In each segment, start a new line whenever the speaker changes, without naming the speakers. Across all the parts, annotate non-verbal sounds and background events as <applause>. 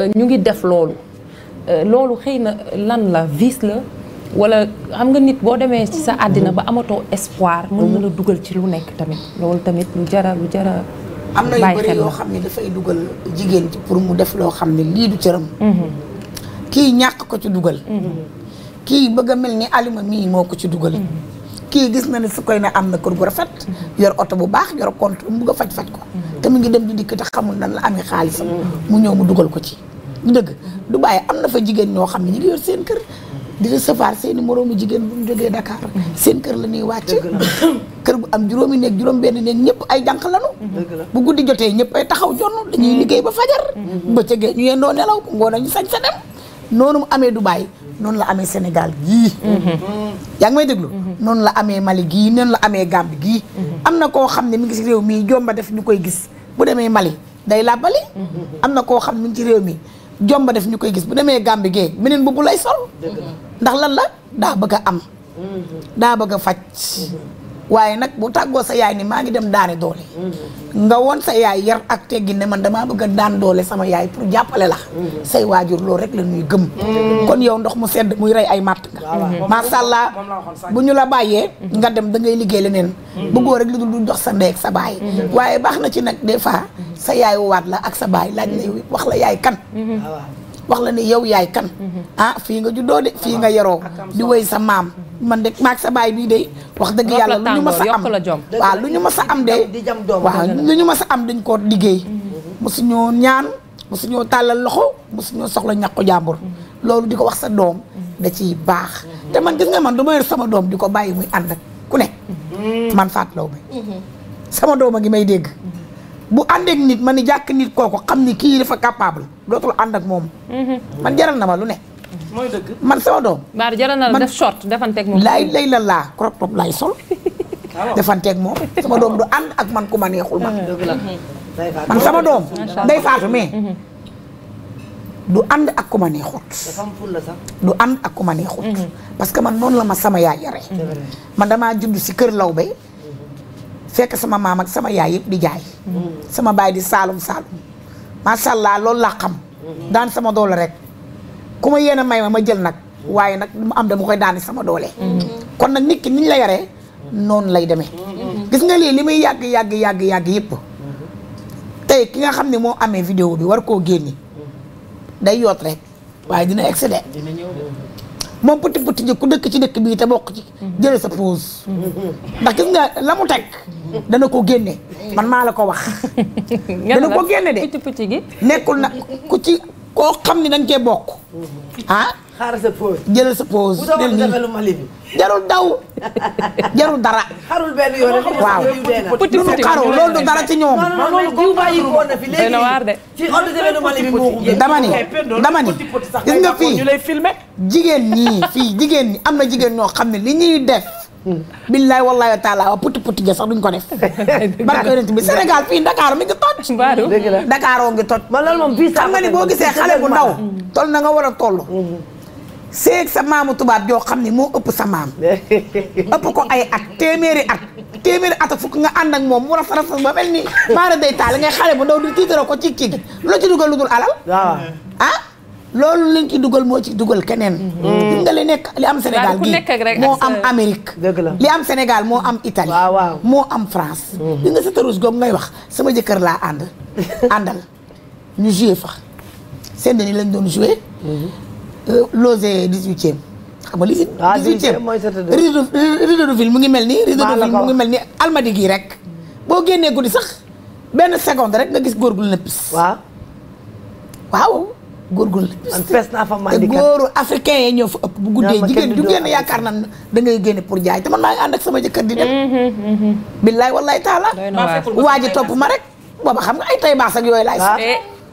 Euh, ñu ngi def loolu euh, loolu xëy na lan la vice la wala xam nga nit boo demee ci sa àddina ba amatoo espoir mën na la dugal ci lu nekk tamit loolu tamit lu jara lu jara am na yu bëri yoo xam ne dafay dugal jigéen ci pour mu def loo xam ne lii du cëram mm-hmm. kii ñàkk ko dugal mm-hmm. kii bëgg mel ni alima mii moo ko ci dugal mm-hmm. kii gis na ne su koy na am na kër gu rafet yor oto bu baax yor compte mu bugg faj-faj ko te mu ngi dem di dikk te xamul nan la amee xaalisam mu ñëw mu dugal ko ci du dëgg Dubaay am na fa jigéen ñoo xam ne ñu ngi yor seen kër di recevoir seen i moroomu jigéen bu ñu jógee Dakar seen kër la ñuy wàcce kër bu am juróomi néeg juróom benn néeg ñëpp ay jànq lanu bu guddi jotee ñëpp ay taxaw jonn dañuy liggéey ba fajar mhm. bëccëgee ñu yendoo nelaw bu ngoon ñu sañ sa dem noonu mu amee du Dubaay noonu la amee Sénégal gii mhm. yaa ngi may déglu mhm. noonu la amee Mali gii noonu la amee gàmb gii am na koo xam ne mu ngi si réew mii jomba def ñu koy gis bu demee Mali day làbbali am na koo xam ne ci réew mi jomba def ñu koy gis bu demee gàmbi gee beneen mbubb lay sol ndax lan la daa bëgg a am mm-hmm. daa bëgg a faj mm-hmm. waaye nag bu tàggoo sa yaay ni maa ngi dem daani doole mm-hmm. nga woon sa yaay yar ak teggin ne man damaa bëgg a daan doole sama yaay pour jàppale la mm-hmm. say waajur loolu rek la ñuy gëm mm-hmm. kon yow ndox mu sedd muy rey ay matt nga masàllaa bu ñu la bàyyee nga dem da ngay liggéey leneen bëggoo rek lu dul du dox sa ndey ak sa baay waaye baax na ci nag des fois sa yaay waat la ak sa baay laaj la wax la yaay kan wax la ne yow yaay kan ah fii nga juddoo de fii nga yaroo di woy sa maam man de maag sa baay bii de wax dëgg yàlla lu ñu ma sa am waaw lu ñu ma sa am de waaw lu ñu ma sa am dañ koo liggéey mosuñoo ñaan mosuñoo tàllal loxo mosuñoo soxla ñàkku jàmbur loolu di ko wax sa doom da ciy baax te man gis nga man du ma yor sama doom di ko bàyyi muy ànd ku ne mm-hmm. man Fatou Laobé sama doom a ngi may dégg bu àndeek nit man ni jàkk nit kooku xam ne kii dafa capable dootul ànd ak moom. Mhm. man jaral na ma lu ne. mooy dëgg man sama doom. baar jaral na la def short defanteeg moom. laay lay la laa crop laay sol. defanteeg moom sama doom du ànd ak man ku ma neexul sama doom. day faatu mais. Mhm. du ànd ak ku ma neexut. du ànd ak ku ma neexut. Mhm. parce que man noonu la ma sama yaay yare man damaa judd si kër lawbe. fekk sama maam ak sama yaay yëpp di jaay. Mm-hmm. sama baay di saalum saalum macha allah loolu laa xam. Mm-hmm. daan sama doole rek ku ma yéen a may ma ma jël nag mm-hmm. waaye nag mu am dama koy daani sama doole. kon nag nit ki niñ la yaree noonu lay demee. gis nga lii li muy yàgg yàgg yàgg yàgg yëpp. tey ki nga xam ne moo amee video bi war koo génni day yoot rek waaye dina excédé. moom petit petit ji ku dëkk ci dëkk bii te bokk ci jële sa pause ndax gis nga la mu teg dana koo génne man maa la ko wax <laughs> dana koo génne de petit petit nekkul na ku ci koo xam ni dañ cee bokk ah xaaral sa pause sa pause. jël nii jarul daw jarul dara. xarul benn yoon waaw puti puti xaru loolu du dara ci ñoom. dama ni dama ni gis nga fii jigéen ñi fii jigéen ñi am na jigéen ñoo xam ne li ñuy def. Hmm. billaay wallaay wa taala puti puti ja sax duñ ko def. <laughs> barke yonent bi Sénégal fii Dakar mi ngi toj. <laughs> dëgg oo ngi toj. man loolu moom ni boo gisee xale bu ndaw. Hmm. toll na nga war a seeg sa maamu tubaab joo xam ne moo ëpp sa maam <laughs> ëpp ko ay at téeméeri at téeméeri at ak fukk nga ànd moom mu rafet rafet ba mel ni maara day taal ngay xale bu ndaw di tiitaroo ko ci kii gi loo ci dugal lu alal waaw ah loolu ci dugal moo ci dugal keneen mm. li nga nekk li am Sénégal gi moo am Amérique li am Sénégal moo am Italie moo am France li mm. nga sa tarouge goog ngay wax sama jëkkër laa ànd <laughs> àndal ñu joué fa seen dañu lañ doon joué mm-hmm. logé 18e. xam nga li 18 ah, de ville mu ngi mel ni. rideau de ville mu ngi mel ni almadi gii rek. boo génnee guddi sax benn seconde rek nga gis góor gu la pis. waaw. waaw góor gu la pis. man pes naa fa te góoru africain ya ñoo fa ëpp. bu guddee jigéen du génn yaakaar na da ngay génne pour jaay te man maa ngi ànd ak sama jëkkër di dem. Mm-hmm, mm-hmm. billaay wallaay taala. waa ji topp ma rek booba xam nga ay tay baas ak yooyu laay.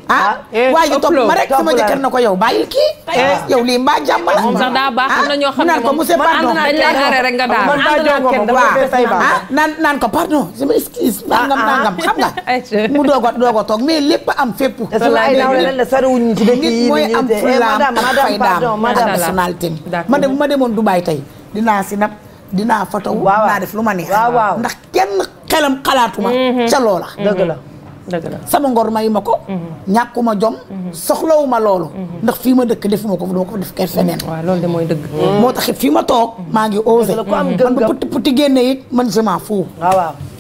ah, ah eh, waaye ji topp ma rek sama jëkkër na ko yow bàyyil kii. Eh. yow lii mbaa jàmm la. moom sax daa baax am na ñoo xam ne ah, moom man ah, naan naan xam nga. <laughs> mu doog a a toog mais lépp am fépp. nit mooy am fulaam eh, ak faydaam ak personnalité ma dem ma demoon Dubaay tey dinaa si nap dinaa fotow. waaw dinaa def lu ma neex. ndax kenn xelam xalaatuma. Mhm. ca loola. sama ngor mayu ma ko mhm. ñàkkuma jom mhm. soxlawuma loolu mhm. ndax fii ma dëkk defuma ko duma ko def kenn feneen waaw loolu de mooy dëgg moo tax it fii ma toog maa ngi osé man bu puti puti génne it man je m'en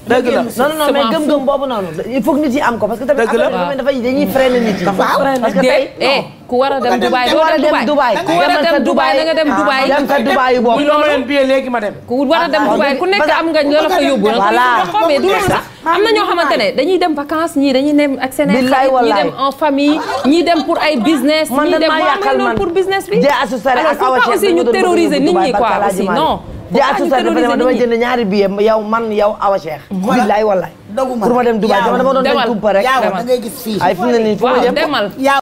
dëgg la non non mais gëm-gëm boobu noonu il faut que nit yi am ko parce que tamit affaire dafay dañuy freiner nit yi. waaw parce que tey ku war a dem Dubaay doo dem Dubaay ku war a dem Dubaay na nga dem ah. Dubaay. dem ka Dubaay boobu loolu leen biyee léegi ma dem. ku war a dem ah. Dubaay ku nekk am nga la fa yóbbu. voilà mais du loolu sax am na ñoo xamante ne dañuy dem vacances ñii dañuy dem ak seen xarit ñii dem en famille ñii dem pour ay business. ñii dem pour business bi. alors ah, aussi ñu terroriser nit ñi quoi aussi non jaatu sa dafa dama jënd ñaari billets yow man yow Awa Cheikh. voilà billaay wallaay. doguma pour ma dem Dubaay dama doon dem Tumpa rek. yaa da ngay gis fii. ay fi mu ne nii fu dem.